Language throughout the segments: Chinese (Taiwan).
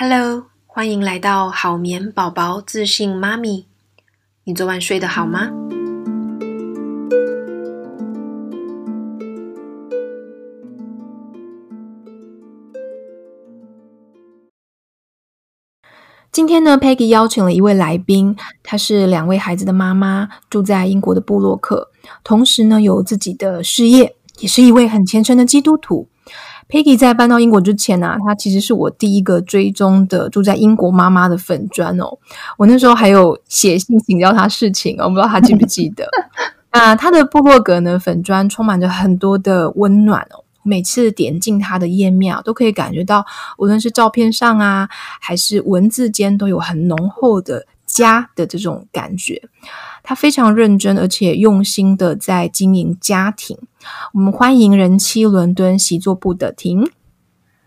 Hello，歡迎來到好眠寶寶自信媽咪。你昨晚睡得好嗎？今天呢，Peggy 邀請了一位來賓，她是兩位孩子的媽媽，住在英國的部落客，同時呢，有自己的事業，也是一位很虔誠的基督徒。Peggy 在搬到英國之前呢、啊，她其實是我第一個追蹤的住在英國媽媽的粉專哦。我那時候還有寫信請教她事情哦，我不知道她記不記得。那、 啊、她的部落格呢，粉專充滿着很多的溫暖哦。每次點進她的頁面、啊，都可以感覺到，無論是照片上啊，還是文字間，都有很濃厚的家的這種感覺。他非常認真而且用心的在經營家庭。我們歡迎人妻倫敦習作簿的婷。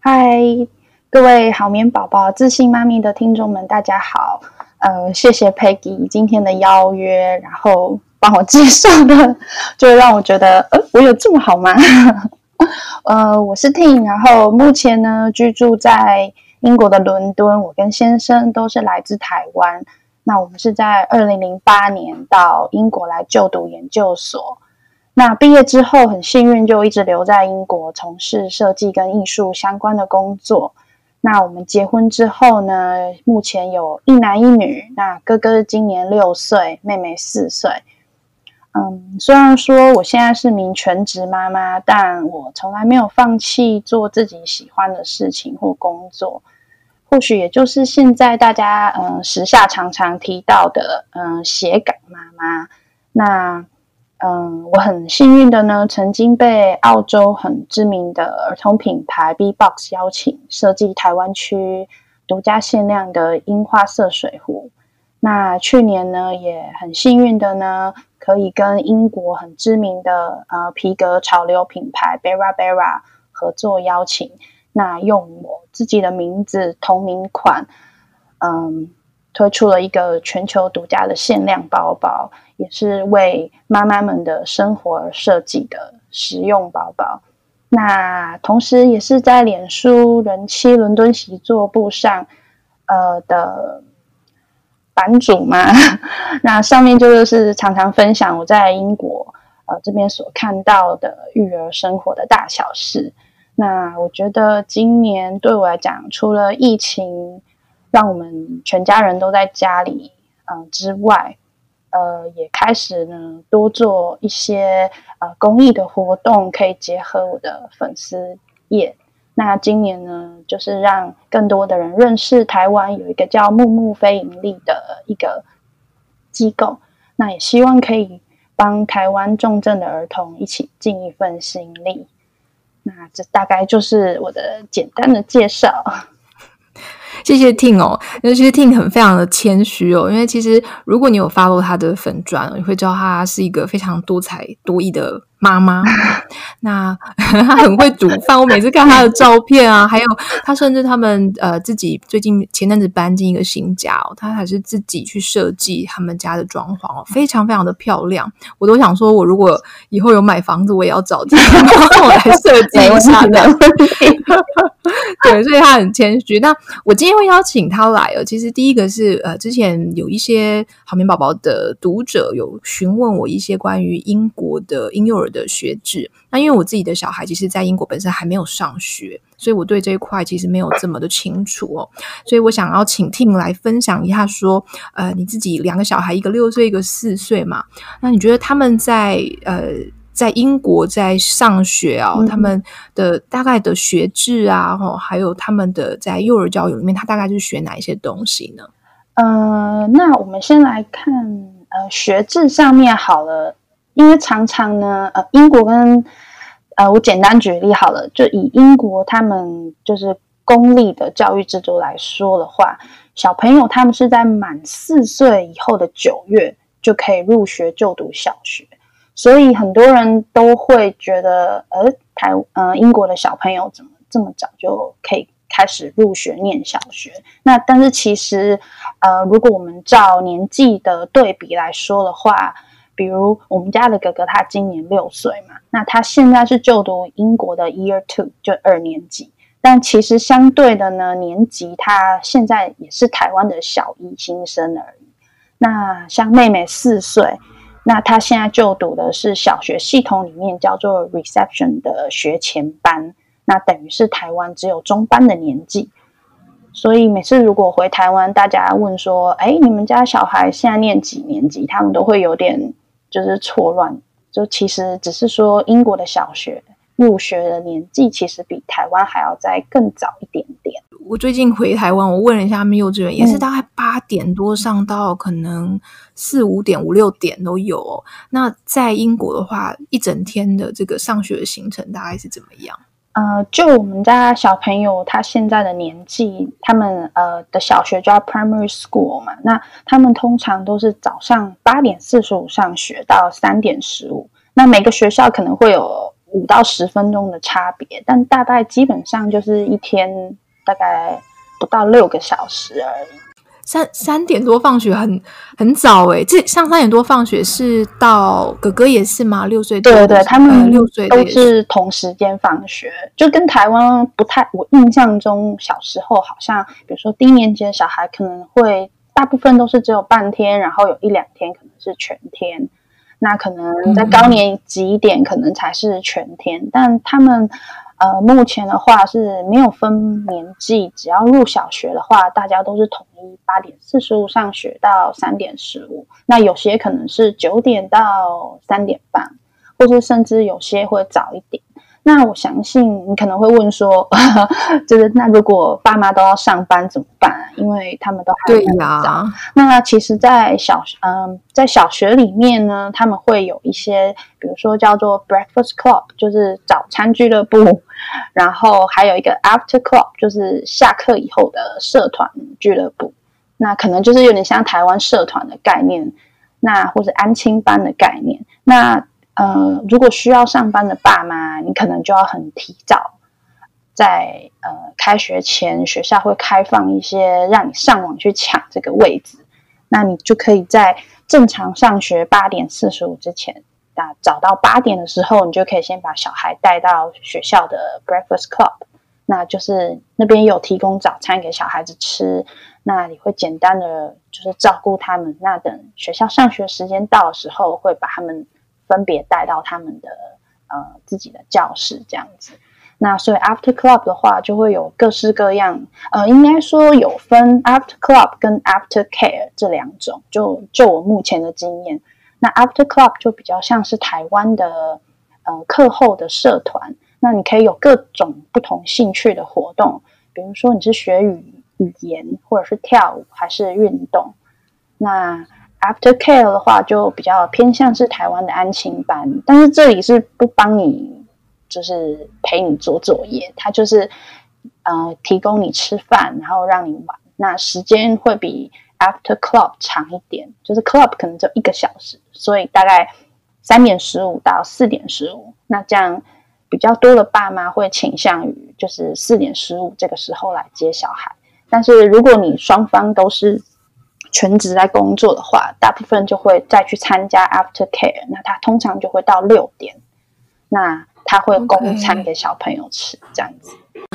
嗨，各位好眠寶寶、自信媽咪的聽眾們，大家好！呃，謝謝 Peggy 今天的邀約，然後幫我介紹的，就讓我覺得，呃，我有這麼好嗎？ 呃，我是婷，然後目前呢，居住在英國的倫敦，我跟先生都是來自台灣。那我們是在二零零八年到英國來就讀研究所，那畢業之後很幸運就一直留在英國從事設計跟藝術相關的工作。那我們結婚之後呢，目前有一男一女，那哥哥今年六歲，妹妹四歲。嗯，雖然說我現在是名全職媽媽，但我從來沒有放棄做自己喜歡的事情或工作。或許也就是現在大家嗯時下常常提到的嗯斜槓媽媽，那嗯，我很幸運的呢，曾經被澳洲很知名的兒童品牌 B Box 邀請設計台灣區獨家限量的櫻花色水壺。那去年呢，也很幸運的呢，可以跟英國很知名的呃皮革潮流品牌 Bera Bera 合作邀請。那用我自己的名字同名款，嗯，推出了一個全球獨家的限量包包，也是為媽媽們的生活而設計的實用包包。那同時，也是在臉書人妻倫敦習作簿上，呃的版主嘛。 那上面就是常常分享我在英國呃這邊所看到的育兒生活的大小事。那我覺得今年對我來講，除了疫情讓我們全家人都在家裡，呃，之外，呃，也開始呢多做一些呃公益的活動，可以結合我的粉絲業。那今年呢，就是讓更多的人認識台灣有一個叫木木非盈利的一個機構。那也希望可以幫台灣重症的兒童一起盡一份心力。那這大概就是我的簡單的介紹，謝謝 Ting 哦，因為 Ting 很非常的謙虛哦，因為其實如果你有 follow 他的粉專，你會知道他是一個非常多才多藝的。媽媽，那他很會煮飯。我每次看他的照片啊，還有他甚至他們呃自己最近前陣子搬進一個新家哦，他還是自己去設計他們家的裝潢哦，非常非常的漂亮。我都想說，我如果以後有買房子，我也要找他幫我來設計一下的。 對，所以他很謙虛。那我今天會邀請他來哦，其實第一個是呃，之前有一些海綿寶寶的讀者有詢問我一些關於英國的嬰幼兒。的學制，那因為我自己的小孩其實，在英國本身還沒有上學，所以我對這一塊其實沒有這麼的清楚哦，所以我想要請 Ting 來分享一下說，說呃，你自己兩個小孩，一個六歲，一個四歲嘛，那你覺得他們在呃，在英國在上學哦，他們的大概的學制啊，哈、哦，還有他們的在幼兒教育裡面，他大概就是學哪一些東西呢？呃，那我們先來看呃學制上面好了。因為常常呢，呃，英國跟，呃，我簡單舉例好了，就以英國他們就是公立的教育制度來說的話，小朋友他們是在滿四歲以後的九月就可以入學就讀小學，所以很多人都會覺得，呃，台，呃，英國的小朋友怎麼這麼早就可以開始入學念小學？那但是其實，呃，如果我們照年紀的對比來說的話，比如我們家的哥哥，他今年六歲嘛，那他現在是就讀英國的 Year Two，就二年級。但其實相對的呢，年級他現在也是台灣的小一新生而已。那像妹妹四歲，那他現在就讀的是小學系統裡面叫做 Reception 的學前班，那等於是台灣只有中班的年紀。所以每次如果回台灣，大家問說：“哎，你們家小孩現在念幾年級？”他們都會有點就是錯亂，就其實只是說英國的小學入學的年紀其實比台灣還要再更早一點點。我最近回台灣，我問了一下他們幼稚園，也是大概八點多上到可能四五點、五六點都有。那在英國的話，一整天的這個上學的行程大概是怎麼樣？呃，就我們家小朋友他現在的年紀，他們呃的小學叫 primary school 嘛，那他們通常都是早上八點四十五上學到三點十五，那每個學校可能會有五到十分鐘的差別，但大概基本上就是一天大概不到六個小時而已。三三點多放學很很早哎、欸，這上三點多放學是到哥哥也是嗎？六歲，對，對對，他們、呃、六歲多也是，都是同時間放學，就跟台灣不太，我印象中小時候好像，比如說低年級的小孩可能會大部分都是只有半天，然後有一兩天可能是全天，那可能在高年級一點可能才是全天，嗯、但他們。呃，目前的話是沒有分年紀，只要入小學的話，大家都是統一八點四十五上學到三點十五。那有些可能是九點到三點半，或者甚至有些會早一點。那我相信你可能會問說， 就是那如果爸媽都要上班怎麼辦？因為他們都還很早。對啊，那其實，在小嗯，在小學裡面呢，他們會有一些，比如說叫做 breakfast club，就是早餐俱樂部，然後還有一個 after club，就是下課以後的社團俱樂部。那可能就是有點像台灣社團的概念，那或是安親班的概念，那。呃，如果需要上班的爸媽，你可能就要很提早在，在呃開學前，學校會開放一些讓你上網去搶這個位置，那你就可以在正常上學八點四十五之前，那早到八點的時候，你就可以先把小孩帶到學校的 breakfast club，那就是那邊有提供早餐給小孩子吃，那你會簡單的就是照顧他們，那等學校上學時間到的時候，會把他們，分別帶到他們的呃自己的教室這樣子，那所以 after club 的話就會有各式各樣，呃，應該說有分 after club 跟 after care 這兩種，就就我目前的經驗，那 after club 就比較像是台灣的呃課後的社團，那你可以有各種不同興趣的活動，比如說你是學語語言，或者是跳舞，還是運動，那。Aftercare 的話，就比較偏向是台灣的安親班，但是這裡是不幫你，就是陪你做作業，他就是呃提供你吃飯，然後讓你玩。那時間會比 after club 長一點，就是 club 可能就一個小時，所以大概三點十五到四點十五。那這樣比較多的爸媽會傾向於就是四點十五這個時候來接小孩，但是如果你雙方都是。全職在工作的話，大部分就會再去參加 Aftercare。那他通常就會到六點，那他會供餐給小朋友吃 Okay. 這樣子。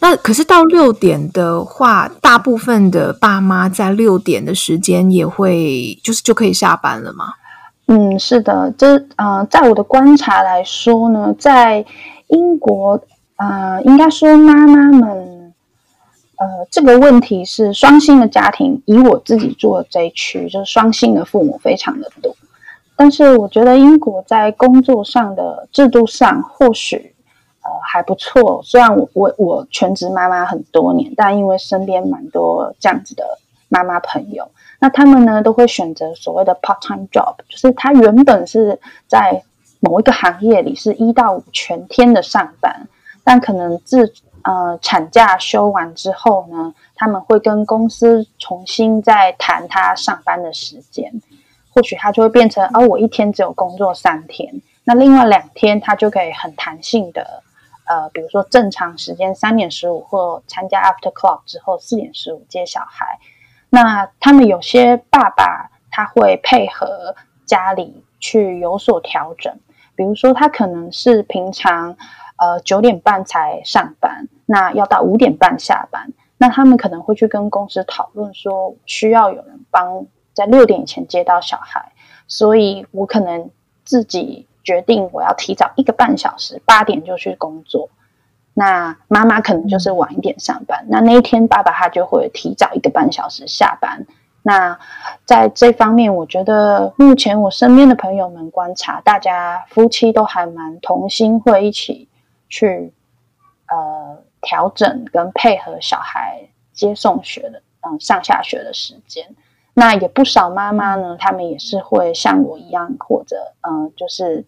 那可是到六點的話，大部分的爸媽在六點的時間也會就是就可以下班了嗎？嗯，是的，這呃，在我的觀察來說呢，在英國呃，應該說媽媽們。呃，這個問題是雙薪的家庭，以我自己住的這一區，就是雙薪的父母非常的多。但是我覺得英國在工作上的制度上，或許呃還不錯。雖然我我，我全職媽媽很多年，但因為身邊蠻多這樣子的媽媽朋友，那他們呢都會選擇所謂的 part time job，就是他原本是在某一個行業裡是一到五全天的上班，但可能自呃，產假休完之後呢，他們會跟公司重新再談他上班的時間，或許他就會變成，哦、啊，我一天只有工作三天，那另外兩天他就可以很彈性的，呃，比如說正常時間三點十五或參加 after club 之後四點十五接小孩，那他們有些爸爸他會配合家裡去有所調整，比如說他可能是平常。呃，九點半才上班，那要到五點半下班。那他們可能會去跟公司討論，說需要有人幫在六點前接到小孩，所以我可能自己決定我要提早一個半小時，八點就去工作。那媽媽可能就是晚一點上班，那那一天爸爸他就會提早一個半小時下班。那在這方面，我覺得目前我身邊的朋友們觀察，大家夫妻都還蠻同心，會一起。去，呃，調整跟配合小孩接送學的，嗯、呃，上下學的時間。那也不少媽媽呢，他們也是會像我一樣，或者，嗯、呃，就是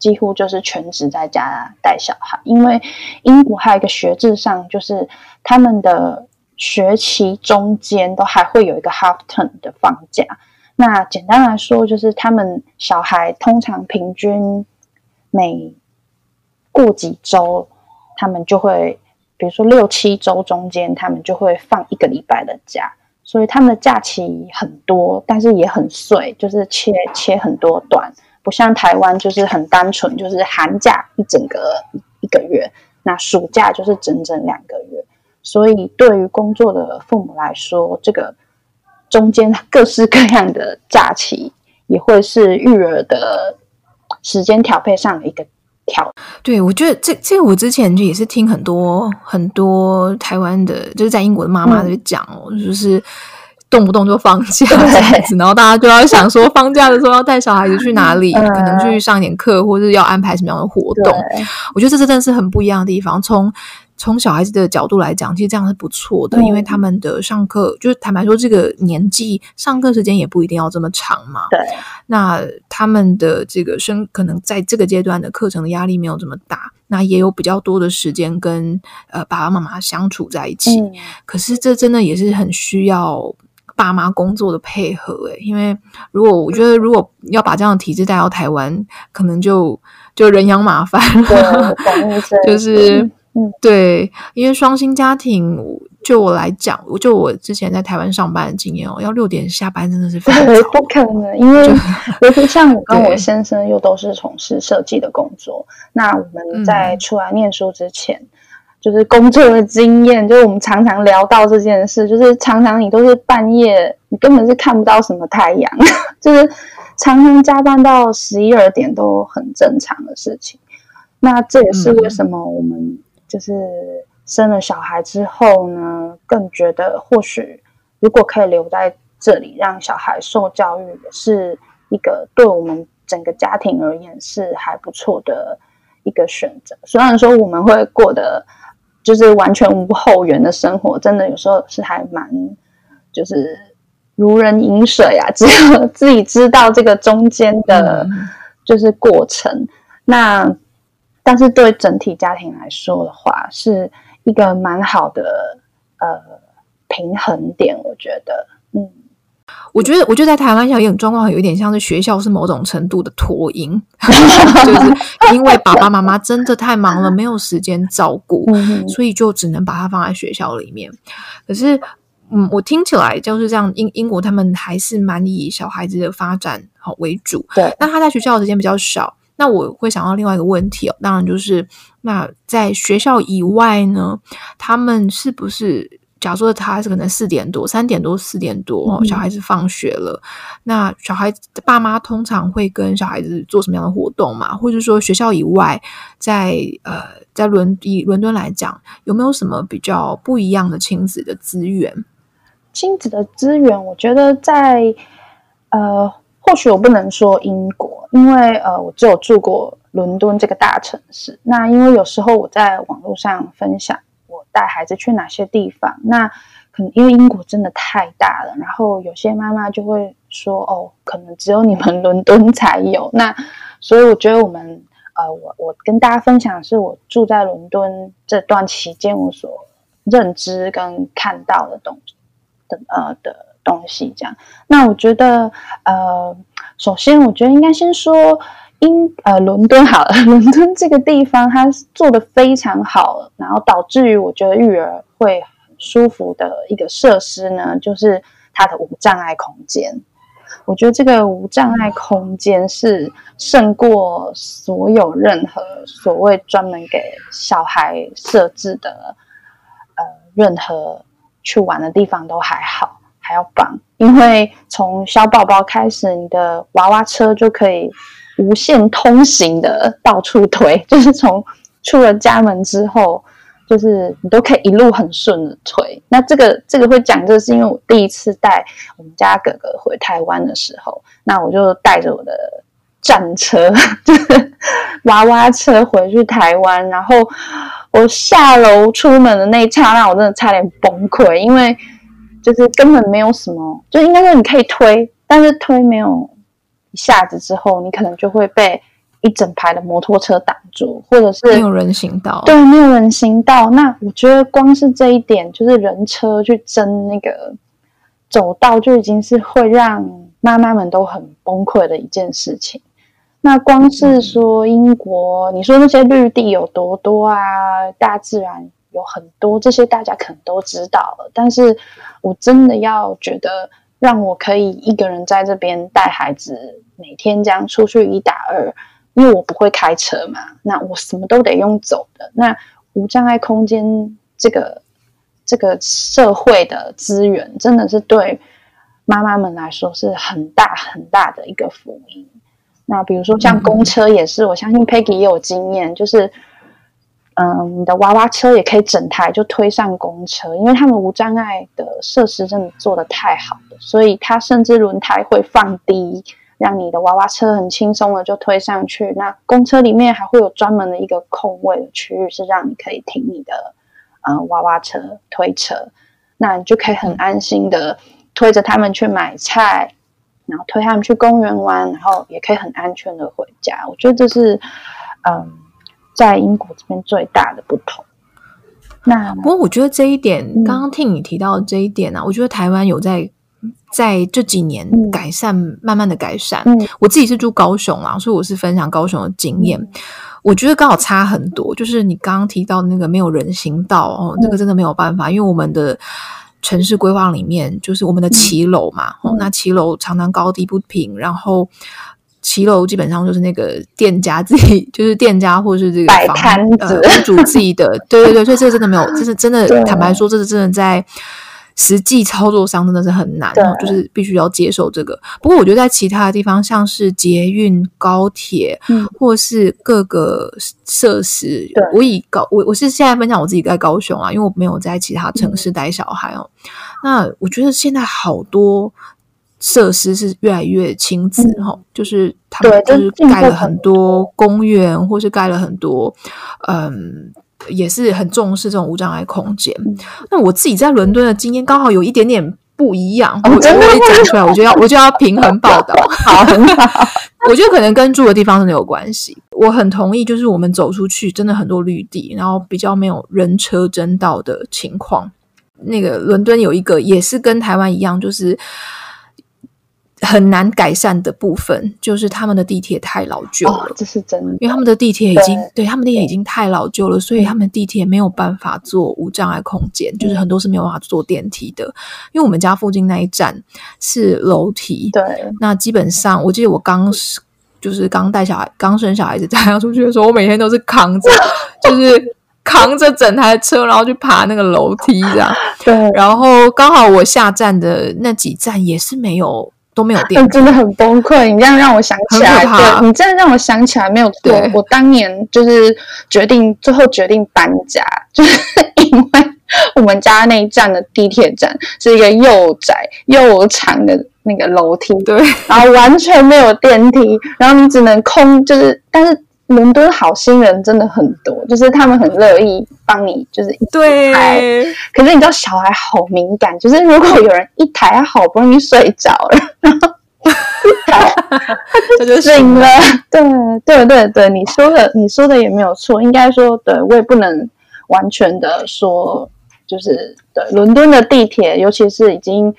幾乎就是全職在家帶小孩。因為英國還有一個學制上，就是他們的學期中間都還會有一個 half term 的放假。那簡單來說，就是他們小孩通常平均每過幾周，他們就會，比如說六七周中間，他們就會放一個禮拜的假，所以他們的假期很多，但是也很碎，就是切切很多段，不像台灣就是很單純，就是寒假一整個一個月，那暑假就是整整兩個月，所以對於工作的父母來說，這個中間各式各樣的假期也會是育兒的時間調配上的一個。跳對，我覺得這個、這個我之前就也是聽很多很多台灣的，就是在英國的媽媽就講、嗯、就是動不動就放假這樣子，對然後大家就要想說放假的時候要帶小孩子去哪裡，嗯、可能去上點課，或者要安排什麼樣的活動。對我覺得這真的是很不一樣的地方，從。從小孩子的角度來講，其實這樣是不錯的，對因為他們的上課就是坦白說，這個年紀上課時間也不一定要這麼長嘛。對那他們的這個生可能在這個階段的課程的壓力沒有這麼大，那也有比較多的時間跟呃爸爸媽媽相處在一起。嗯、可是這真的也是很需要爸媽工作的配合哎、欸，因為如果我覺得如果要把這樣的體制帶到台灣，可能就就人仰馬翻了，是 就是。是嗯，對，因為雙薪家庭，就我來講，我就我之前在台灣上班的經驗哦，要六點下班真的是非常不可能，因為，我像我跟我先生又都是從事設計的工作，對那我們在出來念書之前，嗯、就是工作的經驗，就是我們常常聊到這件事，就是常常你都是半夜，你根本是看不到什麼太陽，就是常常加班到十一二點都很正常的事情，那這也是為什麼我們、嗯。就是生了小孩之後呢，更覺得或許如果可以留在這裡，讓小孩受教育，也是一個對我們整個家庭而言是還不錯的，一個選擇。雖然說我們會過的就是完全無後援的生活，真的有時候是還蠻就是如人飲水啊，只有自己知道這個中間的，就是過程，嗯、那。但是對整體家庭來說的話，是一個蠻好的呃平衡點，我覺得，嗯，我覺得，我覺得在台灣像這種狀況，有點像是學校是某種程度的托嬰， 就是因為爸爸媽媽真的太忙了， 沒有時間照顧，嗯嗯，所以就只能把他放在學校裡面。可是，嗯，我聽起來就是這樣。英英國他們還是蠻以小孩子的發展好為主，對，那他在學校的時間比較少。那我會想到另外一個問題哦，當然就是那在學校以外呢，他們是不是？假如說他是可能四點多，三點多、四點多，嗯、小孩子放學了，那小孩爸媽通常會跟小孩子做什麼樣的活動嘛？或者說學校以外，在呃，在倫以倫敦來講，有沒有什麼比較不一樣的親子的資源？親子的資源，我覺得在呃。或許我不能說英國，因為呃，我只有住過倫敦這個大城市。那因為有時候我在網絡上分享我帶孩子去哪些地方，那可能因為英國真的太大了，然後有些媽媽就會說哦，可能只有你們倫敦才有。那所以我覺得我們呃，我我跟大家分享的是我住在倫敦這段期間，我所認知跟看到的東西的呃的。東西這樣，那我覺得，呃，首先我覺得應該先說英呃倫敦好了，倫敦這個地方它做得非常好，然後導致於我覺得育兒會很舒服的一個設施呢，就是它的無障礙空間。我覺得這個無障礙空間是勝過所有任何所謂專門給小孩設置的呃任何去玩的地方都還好。還要綁，因為從小寶寶開始，你的娃娃車就可以無限通行的到處推，就是從出了家門之後，就是你都可以一路很順的推。那這個這個會講，就是因為我第一次帶我們家哥哥回台灣的時候，那我就帶着我的戰車，就是娃娃車回去台灣，然後我下樓出門的那一剎那，我真的差點崩潰，因為。就是根本沒有什麼，就應該說你可以推，但是推沒有一下子之後，你可能就會被一整排的摩托車擋住，或者是沒有人行道。對，沒有人行道。那我覺得光是這一點，就是人車去爭那個走道，就已經是會讓媽媽們都很崩潰的一件事情。那光是說英國，嗯、你說那些綠地有多多啊，大自然。有很多這些大家可能都知道了，但是我真的要覺得，讓我可以一個人在這邊帶孩子，每天這樣出去一打二，因為我不會開車嘛，那我什麼都得用走的。那無障礙空間這個這個社會的資源，真的是對媽媽們來說是很大很大的一個福音。那比如說像公車也是，我相信 Peggy 也有經驗，就是。嗯，你的娃娃車也可以整台就推上公車，因為他們無障礙的設施真的做的太好了，所以它甚至輪胎會放低，讓你的娃娃車很輕鬆的就推上去。那公車裡面還會有專門的一個空位的區域，是讓你可以停你的，呃，娃娃車推車，那你就可以很安心的推着他們去買菜，嗯、然後推他們去公園玩，然後也可以很安全的回家。我覺得這是，嗯。在英國這邊最大的不同，那不過我覺得這一點，嗯、剛剛聽你提到的這一點呢、啊，我覺得台灣有在在這幾年改善，嗯、慢慢的改善。嗯、我自己是住高雄啊，所以我是分享高雄的經驗。嗯、我覺得剛好差很多，就是你剛剛提到那個沒有人行道哦，那、這個真的沒有辦法，嗯、因為我們的城市規劃裡面，就是我們的騎樓嘛，嗯哦、那騎樓常常高低不平，然後。騎樓基本上就是那個店家自己，就是店家或者是這個房擺攤者、屋主、呃、自己的， 對對對，所以這個真的沒有，這是真的，對坦白說，這是、個、真的在實際操作上真的是很難對、哦，就是必須要接受這個。不過我覺得在其他的地方，像是捷運、高鐵、嗯、或是各個設施，對我以高我我是現在分享我自己在高雄啊，因為我沒有在其他城市帶小孩哦。嗯、那我覺得現在好多。設施是越來越親子哈、嗯哦，就是他們就是蓋了很多公園，就是、或是蓋了很多，嗯，也是很重視這種無障礙空間。那我自己在倫敦的經驗剛好有一點點不一樣。哦、我真會講出來，我就要我就要平衡報道， 好， 我覺得可能跟住的地方是沒有關係。我很同意，就是我們走出去真的很多綠地，然後比較沒有人車爭道的情況。那個倫敦有一個也是跟台灣一樣，就是。很難改善的部分就是他們的地鐵太老舊了。哦，這是真的。因為他們的地鐵已經對，對他們的地鐵已經太老舊了，所以他們的地鐵沒有辦法做無障礙空間，嗯，就是很多是沒有辦法坐電梯的。因為我們家附近那一站是樓梯，對。那基本上，我記得我剛就是剛帶小孩剛生小孩子，帶他出去的時候，我每天都是扛着， 就是扛着整台車，然後去爬那個樓梯這樣。對。然後剛好我下站的那幾站也是沒有。都沒有電梯，啊、真的很崩潰。你這樣讓我想起來，對，你這樣讓我想起來沒有錯，對，我當年就是決定最後決定搬家，就是因為我們家那一站的地鐵站是一個又窄又長的那個樓梯，對，然後完全沒有電梯，然後你只能空，就是但是。倫敦好心人真的很多，就是他們很樂意幫你，就是一對。可是你知道，小孩好敏感，就是如果有人一抬，好不容易睡着了，然後他就醒了。對對對對，你說的你說的也沒有錯，應該說，對我也不能完全的說，就是對倫敦的地鐵，尤其是已經。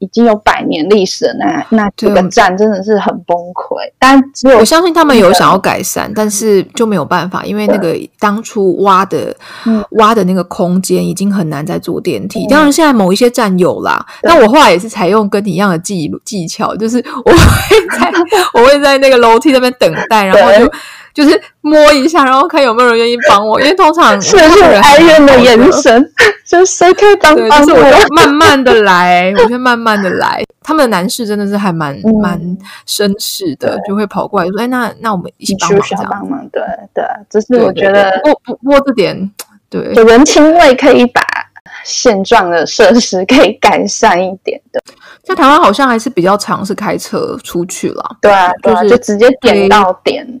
已經有百年歷史了。那那這個站真的是很崩潰，對但我相信他們有想要改善。嗯、但是就沒有辦法，因為那個當初挖的，嗯、挖的那個空間已經很難再坐電梯。嗯、當然現在某一些站有啦，那、嗯、我後來也是採用跟你一樣的技對技巧，就是我會在對我會在那個樓梯那邊等待，然後就。就是摸一下，然後看有沒有人願意幫我，因為通常是哀怨的眼神，就誰可以幫我。我慢慢的來，我就慢慢的來。他們的男士真的是還蠻蠻紳士的，就會跑過來說：“哎，那那我們一起幫忙幫忙。”對對。只是我覺得握握握這點，對，有人情味，可以把現狀的設施可以改善一點的。在台灣好像還是比較常是開車出去了，對啊，就是就直接點到點。